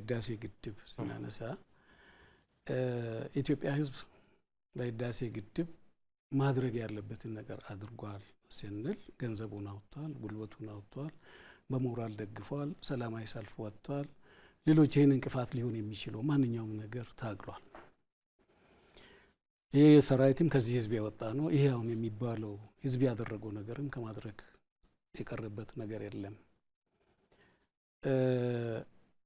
የህዳሴ ግድብ ስናነሳ ኢትዮጵያ ህዝብ ለህዳሴ ግድብ ማድረግ ያለበትን ነገር አድርጓል ስንል ገንዘቡን አውጥቷል፣ ጉልበቱን አውጥቷል፣ በሞራል ደግፏል፣ ሰላማዊ ሰልፍ ወጥቷል። ሌሎች ይህን እንቅፋት ሊሆን የሚችለው ማንኛውም ነገር ታግሏል። ይህ የሰራዊትም ከዚህ ህዝብ ያወጣ ነው። ይሄ አሁን የሚባለው ህዝብ ያደረገው ነገርም ከማድረግ የቀረበት ነገር የለም።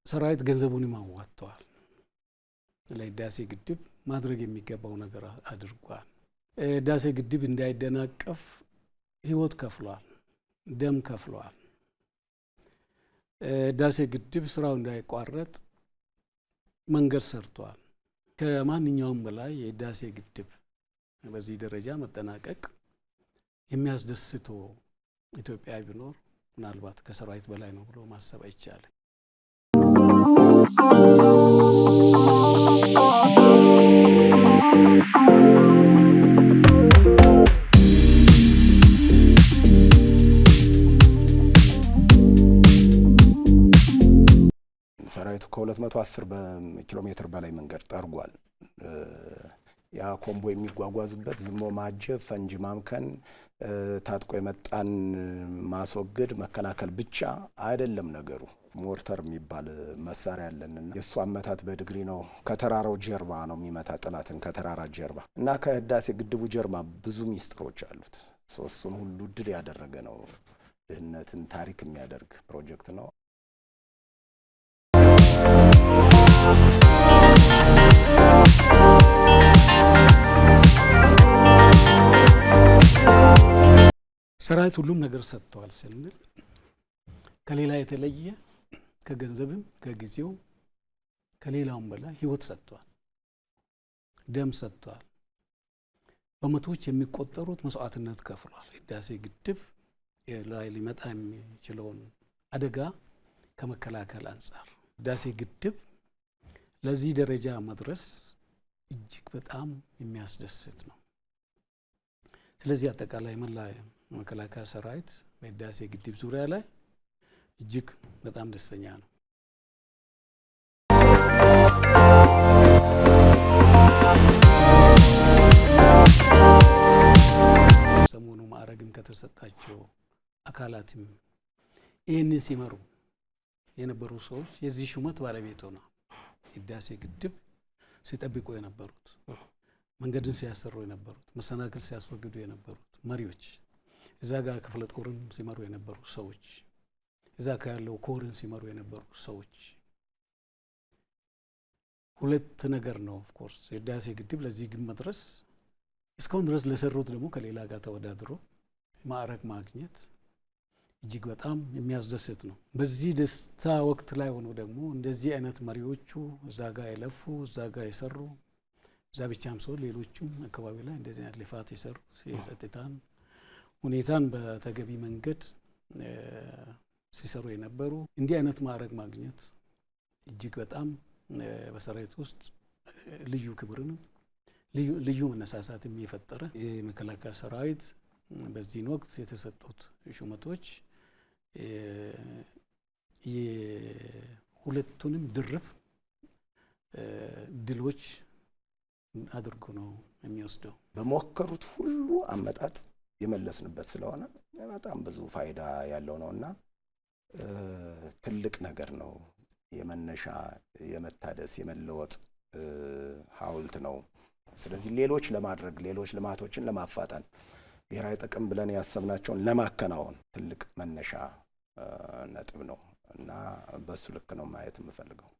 ሰራዊት ገንዘቡን አዋጥተዋል። ለህዳሴ ግድብ ማድረግ የሚገባው ነገር አድርጓል። ህዳሴ ግድብ እንዳይደናቀፍ ህይወት ከፍሏል፣ ደም ከፍሏል። ህዳሴ ግድብ ስራው እንዳይቋረጥ መንገድ ሰርቷል። ከማንኛውም በላይ የህዳሴ ግድብ በዚህ ደረጃ መጠናቀቅ የሚያስደስቶ ኢትዮጵያ ቢኖር ምናልባት ከሰራዊት በላይ ነው ብሎ ማሰብ አይቻልም። ሰራዊቱ ከሁለት መቶ አስር ኪሎ ሜትር በላይ መንገድ ጠርጓል። ያ ኮምቦ የሚጓጓዝበት ዝሞ ማጀብ፣ ፈንጅ ማምከን፣ ታጥቆ የመጣን ማስወገድ፣ መከላከል ብቻ አይደለም ነገሩ። ሞርተር የሚባል መሳሪያ ያለንና የእሱ አመታት በድግሪ ነው። ከተራራው ጀርባ ነው የሚመታ ጠላትን ከተራራ ጀርባ እና ከህዳሴ ግድቡ ጀርባ ብዙ ሚስጥሮች አሉት። ሶስቱን ሁሉ ድል ያደረገ ነው። ድህነትን ታሪክ የሚያደርግ ፕሮጀክት ነው። ሰራዊት ሁሉም ነገር ሰጥተዋል ስንል ከሌላ የተለየ ከገንዘብም ከጊዜውም ከሌላውም በላይ ህይወት ሰጥተዋል፣ ደም ሰጥተዋል። በመቶዎች የሚቆጠሩት መስዋዕትነት ከፍሏል። ህዳሴ ግድብ ላይ ሊመጣ የሚችለውን አደጋ ከመከላከል አንጻር ህዳሴ ግድብ ለዚህ ደረጃ መድረስ እጅግ በጣም የሚያስደስት ነው። ስለዚህ አጠቃላይ መላየም መከላከያ ሰራዊት በህዳሴ ግድብ ዙሪያ ላይ እጅግ በጣም ደስተኛ ነው። ሰሞኑ ማዕረግም ከተሰጣቸው አካላትም ይህንን ሲመሩ የነበሩ ሰዎች የዚህ ሹመት ባለቤት ሆነው ህዳሴ ግድብ ሲጠብቁ የነበሩት መንገድን ሲያሰሩ የነበሩት መሰናክል ሲያስወግዱ የነበሩት መሪዎች እዛ ጋር ክፍለ ጦርን ሲመሩ የነበሩ ሰዎች፣ እዛ ጋር ያለው ኮርን ሲመሩ የነበሩ ሰዎች ሁለት ነገር ነው። ኦፍኮርስ የህዳሴ ግድብ ለዚህ ግን መድረስ እስካሁን ድረስ ለሰሩት ደግሞ ከሌላ ጋር ተወዳድሮ ማዕረግ ማግኘት እጅግ በጣም የሚያስደስት ነው። በዚህ ደስታ ወቅት ላይ ሆኖ ደግሞ እንደዚህ አይነት መሪዎቹ እዛ ጋር የለፉ እዛ ጋር የሰሩ እዛ ብቻም ሰው ሌሎችም አካባቢ ላይ እንደዚህ አይነት ልፋት የሰሩ የጸጥታን ሁኔታን በተገቢ መንገድ ሲሰሩ የነበሩ እንዲህ አይነት ማዕረግ ማግኘት እጅግ በጣም በሰራዊት ውስጥ ልዩ ክብርንም ልዩ መነሳሳትም የፈጠረ የመከላከያ ሰራዊት በዚህን ወቅት የተሰጡት ሹመቶች የሁለቱንም ድርብ ድሎች አድርጎ ነው የሚወስደው። በሞከሩት ሁሉ አመጣጥ የመለስንበት ስለሆነ በጣም ብዙ ፋይዳ ያለው ነው እና ትልቅ ነገር ነው። የመነሻ የመታደስ የመለወጥ ሀውልት ነው። ስለዚህ ሌሎች ለማድረግ ሌሎች ልማቶችን ለማፋጠን ብሔራዊ ጥቅም ብለን ያሰብናቸውን ለማከናወን ትልቅ መነሻ ነጥብ ነው እና በሱ ልክ ነው ማየት የምፈልገው።